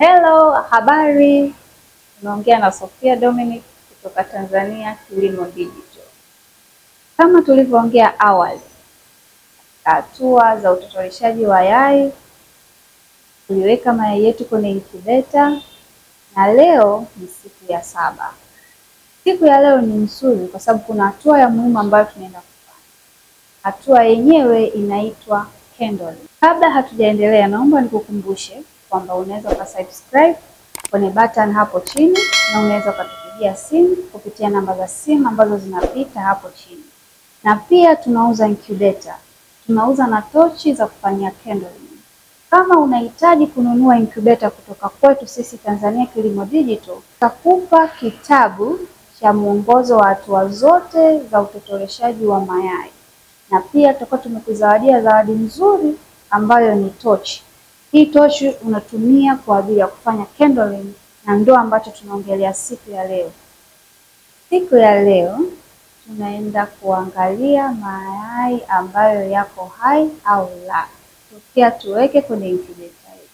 Hello, habari. Unaongea na Sofia Dominic kutoka Tanzania Kilimo Digital. Kama tulivyoongea awali, hatua za utotoleshaji wa yai, tuliweka mayai yetu kwenye incubator na leo ni siku ya saba. Siku ya leo ni nzuri kwa sababu kuna hatua ya muhimu ambayo tunaenda kufanya. Hatua yenyewe inaitwa candling. Kabla hatujaendelea, naomba nikukumbushe kwamba unaweza ukasubscribe kwenye button hapo chini na unaweza ukatupigia simu kupitia namba za simu ambazo zinapita hapo chini, na pia tunauza incubator, tunauza na tochi za kufanyia candling. Kama unahitaji kununua incubator kutoka kwetu sisi Tanzania Kilimo Digital, tutakupa kitabu cha mwongozo wa hatua zote za utotoleshaji wa mayai, na pia tutakuwa tumekuzawadia zawadi nzuri ambayo ni tochi. Hii tochi unatumia kwa ajili ya kufanya candling na ndoa ambacho tunaongelea siku ya leo. Siku ya leo tunaenda kuangalia mayai ambayo yako hai au la, tukia tuweke kwenye incubator yetu.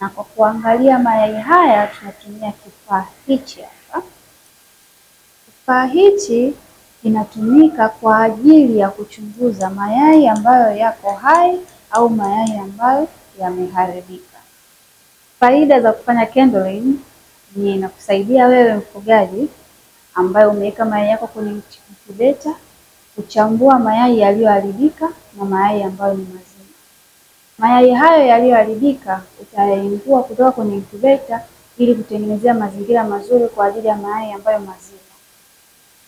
Na kwa kuangalia mayai haya tunatumia kifaa hichi hapa. Kifaa hichi inatumika kwa ajili ya kuchunguza mayai ambayo yako hai au mayai ambayo yameharibika. Faida za kufanya candling ni inakusaidia wewe mfugaji ambaye umeweka mayai yako kwenye incubator kuchambua mayai yaliyoharibika na mayai ambayo ni mazima. Mayai hayo yaliyoharibika utayaingua kutoka kwenye incubator ili kutengenezea mazingira mazuri kwa ajili ya mayai ambayo mazima.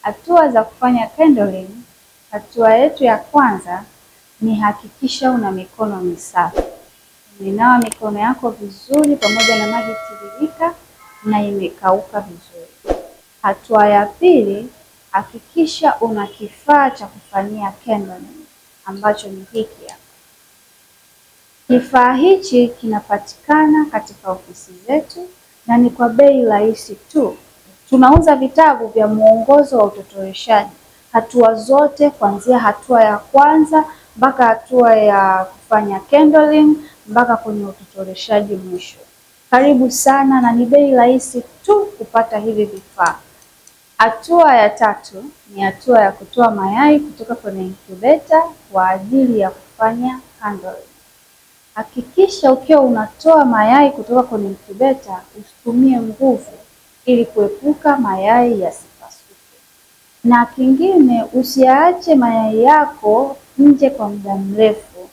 Hatua za kufanya candling. Hatua yetu ya kwanza ni hakikisha una mikono misafi. Umenawa mikono yako vizuri pamoja na maji tiririka na imekauka vizuri. Hatua ya pili, hakikisha una kifaa cha kufanyia candling ambacho ni hiki hapa. Kifaa hichi kinapatikana katika ofisi zetu na ni kwa bei rahisi tu. Tunauza vitabu vya mwongozo wa utotoleshaji, hatua zote kuanzia hatua ya kwanza mpaka hatua ya kufanya candling mpaka kwenye utotoreshaji mwisho. Karibu sana na ni bei rahisi tu kupata hivi vifaa. Hatua ya tatu ni hatua ya kutoa mayai kutoka kwenye incubator kwa ajili ya kufanya candling. Hakikisha ukiwa unatoa mayai kutoka kwenye incubator usitumie nguvu ili kuepuka mayai yasipasuke. Na kingine, usiyaache mayai yako nje kwa muda mrefu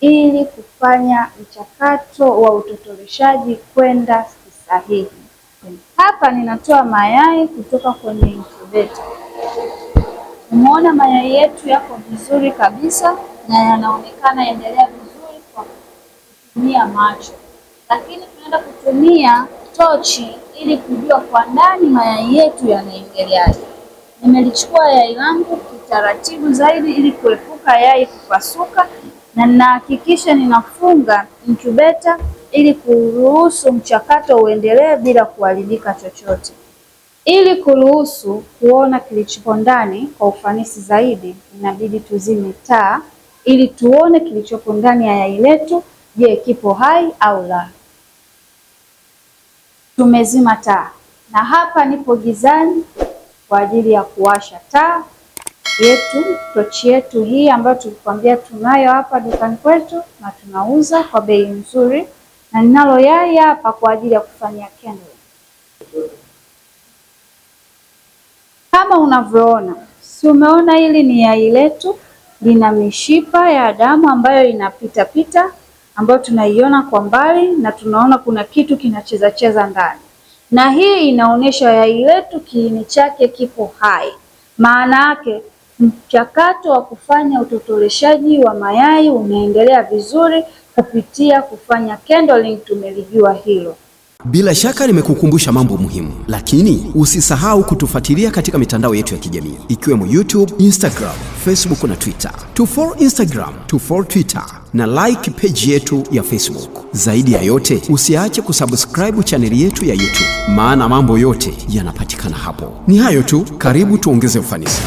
ili kufanya mchakato wa utotoleshaji kwenda sahihi. Hapa ninatoa mayai kutoka kwenye incubator. Umeona mayai yetu yako vizuri kabisa na yanaonekana yaendelea vizuri kwa kutumia macho, lakini tunaenda kutumia tochi ili kujua kwa ndani mayai yetu yanaendeleaje. Nimelichukua yai langu kitaratibu zaidi ili kuepuka kuepuka yai kupasuka, na ninahakikisha ninafunga incubator ili kuruhusu mchakato uendelee bila kuharibika chochote. Ili kuruhusu kuona kilichopo ndani kwa ufanisi zaidi, inabidi tuzime taa ili tuone kilichopo ndani ya yai letu. Je, kipo hai au la? Tumezima taa na hapa nipo gizani kwa ajili ya kuwasha taa yetu, tochi yetu hii ambayo tulikwambia tunayo hapa dukani kwetu, na tunauza kwa bei nzuri, na ninalo yai hapa kwa ajili ya kufanyia candle. Kama unavyoona, si umeona, hili ni yai letu, lina mishipa ya damu ambayo inapitapita ambayo tunaiona kwa mbali, na tunaona kuna kitu kinachezacheza ndani, na hii inaonyesha yai letu kiini chake kipo hai, maana yake Mchakato wa kufanya utotoleshaji wa mayai unaendelea vizuri kupitia kufanya candling, tumelijua hilo. Bila shaka nimekukumbusha mambo muhimu, lakini usisahau kutufuatilia katika mitandao yetu ya kijamii ikiwemo YouTube, Instagram, Facebook na Twitter. Tufollow Instagram, tufollow Twitter na like page yetu ya Facebook. Zaidi ya yote, usiache kusubscribe chaneli yetu ya YouTube, maana mambo yote yanapatikana hapo. Ni hayo tu, karibu tuongeze ufanisi.